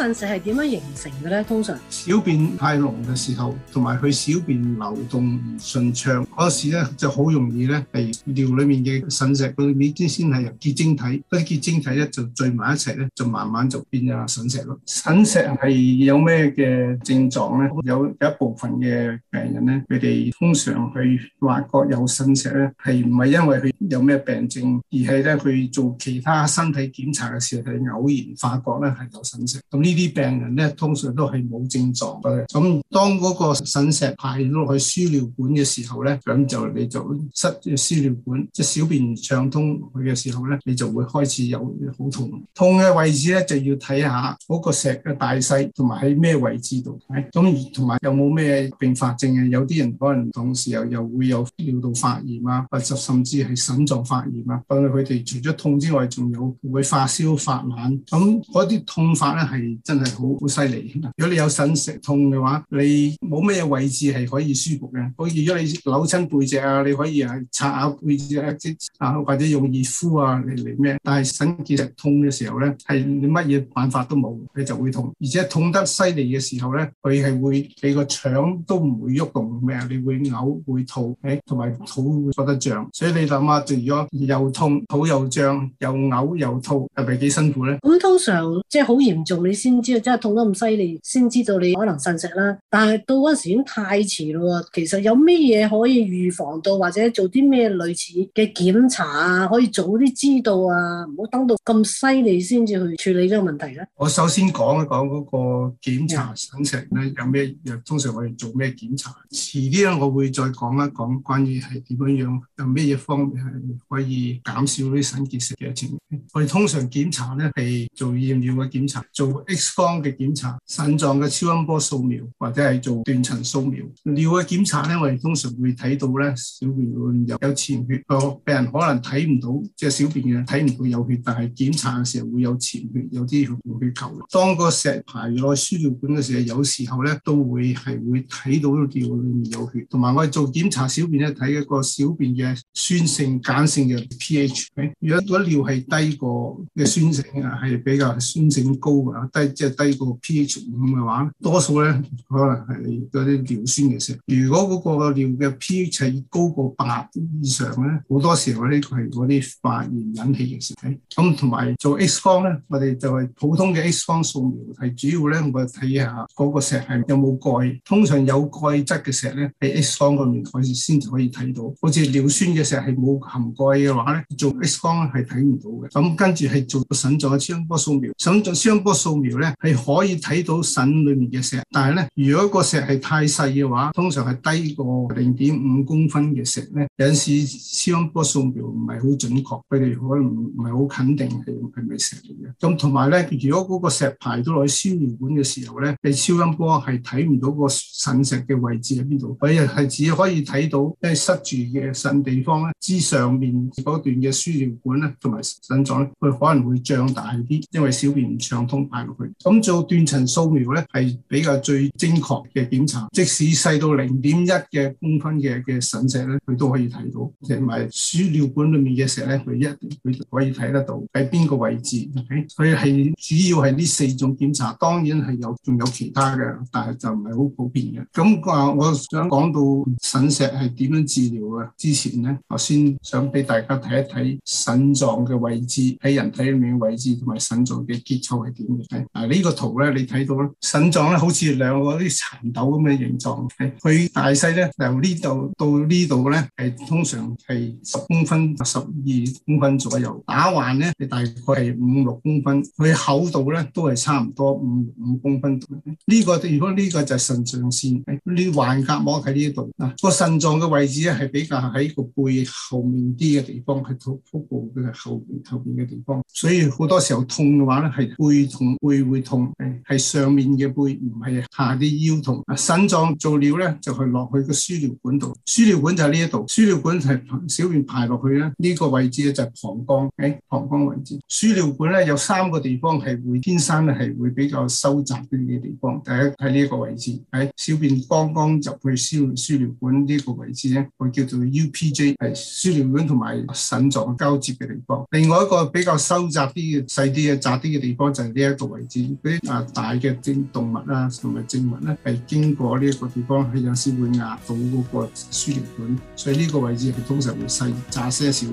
腎石係點樣形成嘅咧？通常小便太濃嘅時候，同埋佢小便流動唔順暢嗰時咧，就好容易咧，係尿裏面嘅腎石嗰啲先先係由結晶體，嗰啲結晶體咧就聚埋一齊咧，就慢慢就變咗腎石咯。腎石係有咩嘅症狀咧？有有一部分嘅病人咧，佢哋通常去發覺有腎石咧，係唔係因為佢有咩病症，而係咧佢做其他身體檢查嘅時候，佢偶然發覺咧係有腎石咁呢？呢啲病人咧，通常都係冇症狀嘅。咁當嗰個腎石排落去輸尿管嘅時候咧，咁就你就塞輸尿管，即係小便唔暢通佢嘅時候咧，你就會開始有好痛。痛嘅位置咧，就要睇下嗰個石嘅大細同埋喺咩位置度。咁同埋有冇咩併發症呀？有啲人可能同時又又會有尿道發炎啊、結石甚至係腎臟發炎啊。咁佢哋除咗痛之外，仲有會發燒、發冷。咁嗰啲痛法咧係。真係好好犀利。如果你有腎石痛嘅話，你冇咩位置係可以舒服嘅。如果你扭親背脊啊，你可以啊擦下背脊啊或者用熱敷啊嚟嚟咩。但係腎結石痛嘅時候咧，係你乜嘢辦法都冇，你就會痛。而且痛得犀利嘅時候咧，佢係會你個腸都唔會喐動，咩啊？你會嘔會吐，誒、哎，同埋肚會覺得脹。所以你諗下，如果又痛、肚又脹、又嘔又吐，係咪幾辛苦咧？咁通常即係好嚴重，你先。先知道真係痛得咁犀利，先知道你可能腎石啦。但係到嗰陣時已經太遲啦喎。其實有咩嘢可以預防到，或者做啲咩類似嘅檢查啊，可以早啲知道啊，唔好等到咁犀利先至去處理呢個問題咧。我首先講一講嗰個檢查腎石咧，有咩？又通常我哋做咩檢查？遲啲咧，我會再講一講關於係點樣樣，有咩嘢方面係可以減少啲腎結石嘅情況。我哋通常檢查咧係做驗尿嘅檢查，做。X 光嘅檢查、腎臟嘅超音波掃描或者係做斷層掃描，尿嘅檢查咧，我哋通常會睇到咧小便裏面有有潛血。個病人可能睇唔到即係、就是、小便嘅睇唔到有血，但係檢查嘅時候會有潛血，有啲紅血球。當個石排落輸尿管嘅時候，有時候咧都會係會睇到個尿裏面有血。同埋我哋做檢查小便咧，睇一個小便嘅。酸性、鹼性嘅 pH。如果嗰尿係低過嘅酸性啊，係比較酸性高嘅，低即係、就是、低過 pH 五嘅話，多數咧可能係嗰啲尿酸嘅石。如果嗰個尿嘅 pH 係高過八以上咧，好多時候咧呢個係嗰啲發炎引起嘅石。咁同埋做 X 光咧，我哋就係普通嘅 X 光掃描，係主要咧我哋睇下嗰個石係有冇鈣。通常有鈣質嘅石咧，喺 X 光嗰面，開始先就可以睇到，好似尿酸石係冇含鈣嘅話咧，做 X 光係睇唔到嘅。咁跟住係做腎臟嘅超音波掃描，腎臟超音波掃描咧係可以睇到腎裏面嘅石，但係咧如果個石係太細嘅話，通常係低過零點五公分嘅石咧，有陣時超音波掃描唔係好準確，佢哋可能唔係好肯定係係咪石嚟嘅。咁同埋咧，如果嗰個石排到落去輸尿管嘅時候咧，你超音波係睇唔到個腎石嘅位置喺邊度，佢係只可以睇到即係塞住嘅腎地方。之上面嗰段嘅輸尿管咧，同埋腎臟咧，佢可能會脹大啲，因為小便唔暢通排落去。咁做斷層掃描咧，係比較最精確嘅檢查，即使細到零點一嘅公分嘅嘅腎石咧，佢都可以睇到，同埋輸尿管裡面嘅石咧，佢一定，佢可以睇得到喺邊個位置。OK，所以係主要係呢四種檢查，當然係有仲有其他嘅，但係就唔係好普遍嘅。咁啊，我想講到腎石係點樣治療啊？之前咧。我先想俾大家睇一睇腎臟嘅位置，喺人體裏面嘅位置，同埋腎臟嘅結構係點嘅咧？嗱，呢個圖咧，你睇到腎臟咧，好似兩個啲蠶豆咁嘅形狀。佢大細咧，由呢度到呢度咧，係通常係十公分、十二公分左右。打橫咧，你大概係五六公分。佢厚度咧，都係差唔多五五公分。呢個，如果呢個就係腎上腺，呢橫隔膜喺呢度。嗱，個腎臟嘅位置咧，係比較喺個背。後面啲嘅地方係腹部嘅後面後面嘅地方，所以好多時候痛嘅話咧，係背痛，背會痛，係上面嘅背，唔係下啲腰痛。腎臟呢。做料咧就係、是、落去個輸尿管度，輸尿管就係呢一度，輸尿管係小便排落去咧，呢、這個位置咧就係膀胱，喺膀胱位置。輸尿管咧有三個地方係會天生係會比較收窄啲嘅地方，第一喺呢一個位置喺、欸、小便剛剛入去輸輸尿管呢個位置咧，佢叫做 UPJ。係輸尿管同埋腎臟交接嘅地方，另外一個比較收窄啲嘅細啲嘅窄啲嘅地方就係呢一個位置，嗰啲啊大嘅靜動物啦同埋植物咧，係經過呢一個地方，係有時會壓到嗰個輸尿管，所以呢個位置係通常會細窄些少。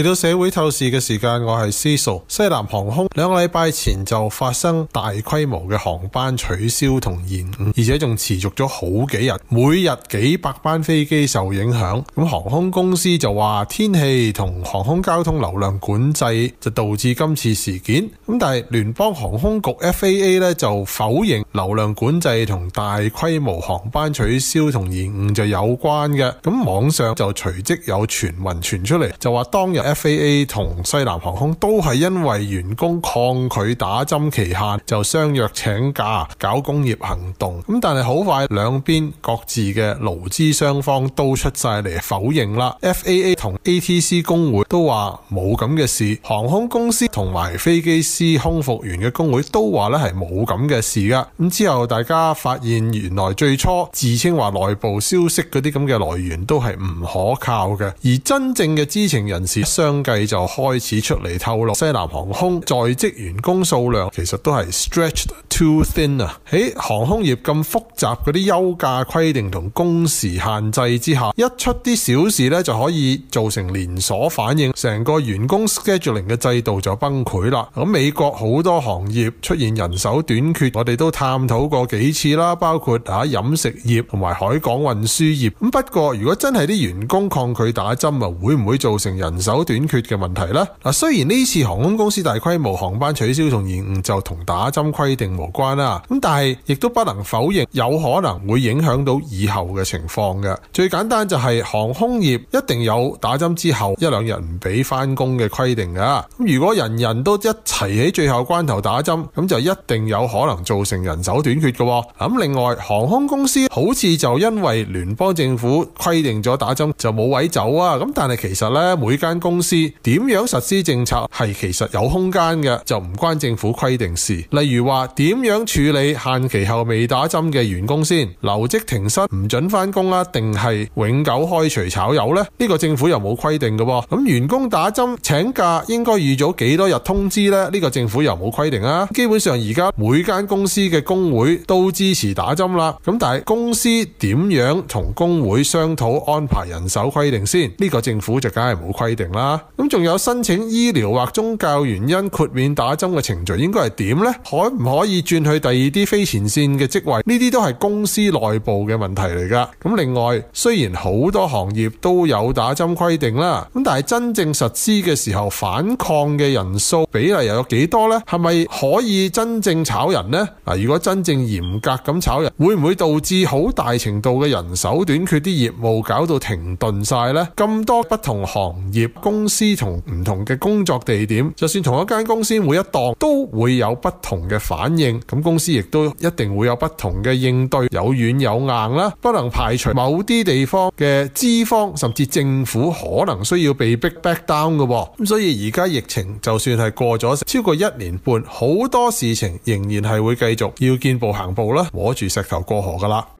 嚟到社會透視嘅時間，我係思素。西南航空兩個禮拜前就發生大規模嘅航班取消同延誤，而且仲持續咗好幾日，每日幾百班飛機受影響。咁航空公司就話天氣同航空交通流量管制就導致今次事件。咁但係聯邦航空局 FAA 呢就否認流量管制同大規模航班取消同延誤就有關嘅。咁網上就隨即有傳聞傳出嚟，就話當日。F A A 同西南航空都係因為員工抗拒打針期限，就相約請假搞工業行動。咁但係好快兩邊各自嘅勞資雙方都出晒嚟否認啦。F A A 同 A T C 工會都話冇咁嘅事，航空公司同埋飛機師空服員嘅工會都話咧係冇咁嘅事噶。咁之後大家發現原來最初自稱話內部消息嗰啲咁嘅來源都係唔可靠嘅，而真正嘅知情人士。相繼就開始出嚟透露，西南航空在職員工數量其實都係 stretched too thin 啊！喺航空業咁複雜嗰啲休假規定同工時限制之下，一出啲小事咧就可以造成連鎖反應，成個員工 scheduling 嘅制度就崩潰啦。咁美國好多行業出現人手短缺，我哋都探討過幾次啦，包括吓飲食業同埋海港運輸業。咁不過如果真係啲員工抗拒打針啊，會唔會造成人手短缺嘅問題呢？嗱，雖然呢次航空公司大規模航班取消同延誤就同打針規定冇關啦，咁但係亦都不能否認有可能會影響到以後嘅情況嘅。最簡單就係航空業一定有打針之後一兩日唔俾翻工嘅規定噶。咁如果人人都一齊喺最後關頭打針，咁就一定有可能造成人手短缺嘅。咁另外航空公司好似就因為聯邦政府規定咗打針就冇位走啊。咁但係其實呢，每間公司點樣實施政策係其實有空間嘅，就唔關政府規定事。例如話點？點樣處理限期後未打針嘅員工先？留職停薪唔准返工啊？定係永久開除炒魷呢？呢個政府又冇規定嘅。咁員工打針請假應該預早幾多日通知呢？呢個政府又冇規定啊。基本上而家每間公司嘅工會都支持打針啦。咁但係公司點樣同工會商討安排人手規定先？呢個政府就梗係冇規定啦。咁仲有申請醫療或宗教原因豁免打針嘅程序應該係點呢？可唔可以？轉去第二啲非前綫嘅職位，呢啲都係公司內部嘅問題嚟噶。咁另外，雖然好多行業都有打針規定啦，咁但係真正實施嘅時候，反抗嘅人數比例又有幾多呢？係咪可以真正炒人呢？嗱，如果真正嚴格咁炒人，會唔會導致好大程度嘅人手短缺，啲業務搞到停頓晒呢？咁多不同行業、公司同唔同嘅工作地點，就算同一間公司每一檔都會有不同嘅反應。咁公司亦都一定會有不同嘅應對，有軟有硬啦，不能排除某啲地方嘅資方甚至政府可能需要被逼 back down 嘅。咁所以而家疫情就算係過咗超過一年半，好多事情仍然係會繼續要見步行步啦，摸住石頭過河㗎喇。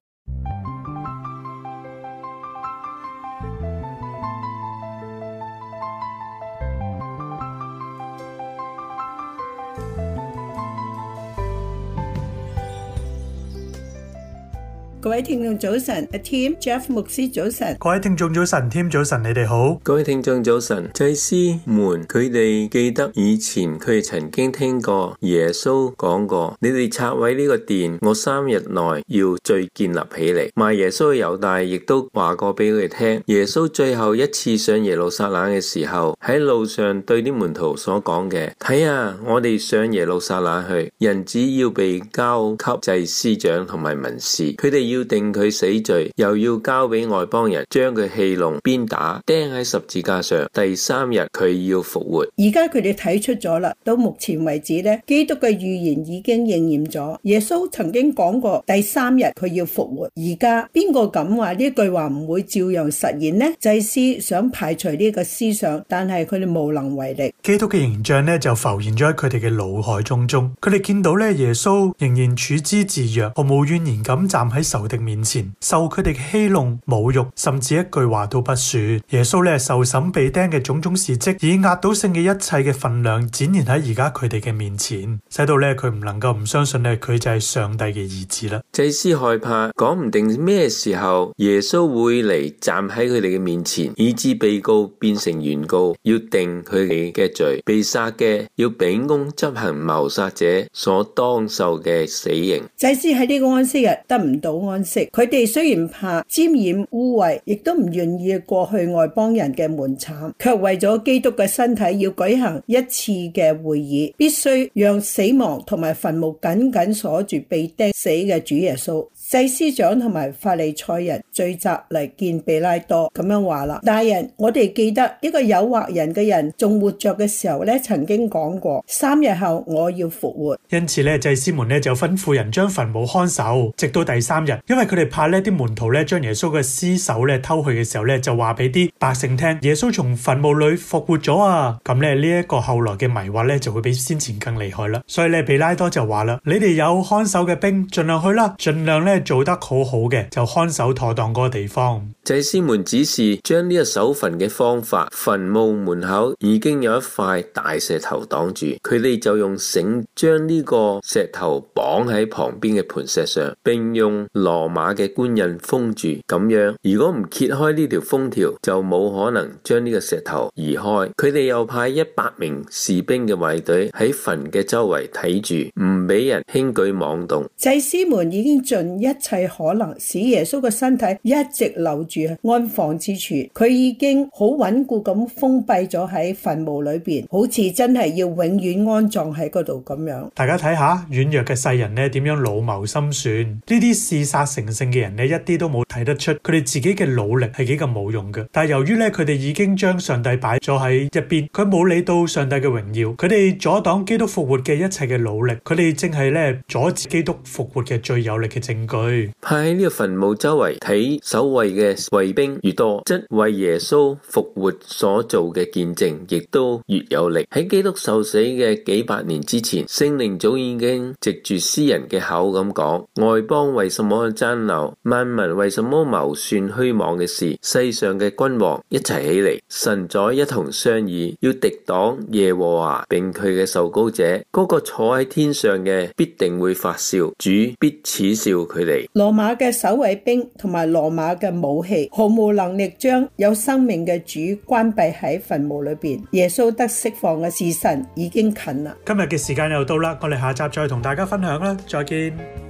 各位聽眾早晨，阿 Team Jeff 牧師早晨，各位聽眾早晨，Team 早晨，你哋好。各位聽眾早晨，祭司們，佢哋記得以前佢哋曾經聽過耶穌講過：你哋拆毀呢個殿，我三日內要再建立起嚟。賣耶穌嘅猶大亦都話過俾佢哋聽：耶穌最後一次上耶路撒冷嘅時候，喺路上對啲門徒所講嘅：睇下，我哋上耶路撒冷去，人子要被交給祭司長同埋文士，佢哋。要定佢死罪，又要交俾外邦人將佢戲弄、鞭打、釘喺十字架上。第三日佢要復活。而家佢哋睇出咗啦，到目前為止咧，基督嘅預言已經應驗咗。耶穌曾經講過，第三日佢要復活。而家邊個敢話呢句話唔會照樣實現呢？祭司想排除呢個思想，但係佢哋無能為力。基督嘅形象咧就浮現咗喺佢哋嘅腦海中。中。佢哋見到咧耶穌仍然處之自若，毫無怨言咁站喺十。受的面前，受佢哋嘅欺弄、侮辱，甚至一句話都不說。耶穌咧受審被釘嘅種種事蹟，以壓倒性嘅一切嘅分量展現喺而家佢哋嘅面前，使到咧佢唔能夠唔相信咧佢就係上帝嘅兒子啦。祭司害怕，講唔定咩時候耶穌會嚟站喺佢哋嘅面前，以致被告變成原告，要定佢哋嘅罪，被殺嘅要秉公執行謀殺者所當受嘅死刑。祭司喺呢個安息日，啊、得唔到。安息。佢哋雖然怕沾染污穢，亦都唔願意過去外邦人嘅門檻，卻為咗基督嘅身體要舉行一次嘅會議，必須讓死亡同埋墳墓緊緊鎖住被釘死嘅主耶穌。祭司長同埋法利賽人聚集嚟見比拉多，咁樣話啦，大人，我哋記得一個誘惑人嘅人仲活着嘅時候咧，曾經講過三日後我要復活。因此咧，祭司們咧就吩咐人將墳墓看守，直到第三日，因為佢哋怕呢啲門徒咧將耶穌嘅屍首咧偷去嘅時候咧，就話俾啲百姓聽耶穌從墳墓裏復活咗啊！咁咧呢一個後來嘅迷惑咧就會比先前更厲害啦。所以咧，比拉多就話啦，你哋有看守嘅兵，盡量去啦，盡量咧。做得好好嘅，就看守妥當個地方。祭司們指示將呢個守墳嘅方法，墳墓門口已經有一塊大石頭擋住，佢哋就用繩將呢個石頭綁喺旁邊嘅磐石上，並用羅馬嘅官印封住。咁樣，如果唔揭開呢條封條，就冇可能將呢個石頭移開。佢哋又派一百名士兵嘅衛隊喺墳嘅周圍睇住，唔俾人輕舉妄動。祭司們已經盡一一切可能使耶穌嘅身體一直留住安放之處，佢已經好穩固咁封閉咗喺墳墓裏邊，好似真係要永遠安葬喺嗰度咁樣。大家睇下軟弱嘅世人咧，點樣老謀深算？呢啲嗜殺成性嘅人咧，一啲都冇睇得出佢哋自己嘅努力係幾咁冇用嘅。但係由於咧，佢哋已經將上帝擺咗喺一邊，佢冇理到上帝嘅榮耀，佢哋阻擋基督復活嘅一切嘅努力，佢哋正係咧阻止基督復活嘅最有力嘅證據。派喺呢個墳墓周圍睇守衛嘅衛兵越多，即為耶穌復活所做嘅見證，亦都越有力。喺基督受死嘅幾百年之前，聖靈早已經藉住詩人嘅口咁講：外邦為什麼爭鬧？萬民為什麼謀算虛妄嘅事？世上嘅君王一齊起嚟，神在一同商議，要敵擋耶和華、啊，並佢嘅受膏者。嗰、那個坐喺天上嘅必定會發笑，主必恥笑佢哋。羅馬嘅守衛兵同埋羅馬嘅武器毫無能力將有生命嘅主關閉喺墳墓裏邊。耶穌得釋放嘅時辰已經近啦。今日嘅時間又到啦，我哋下集再同大家分享啦。再見。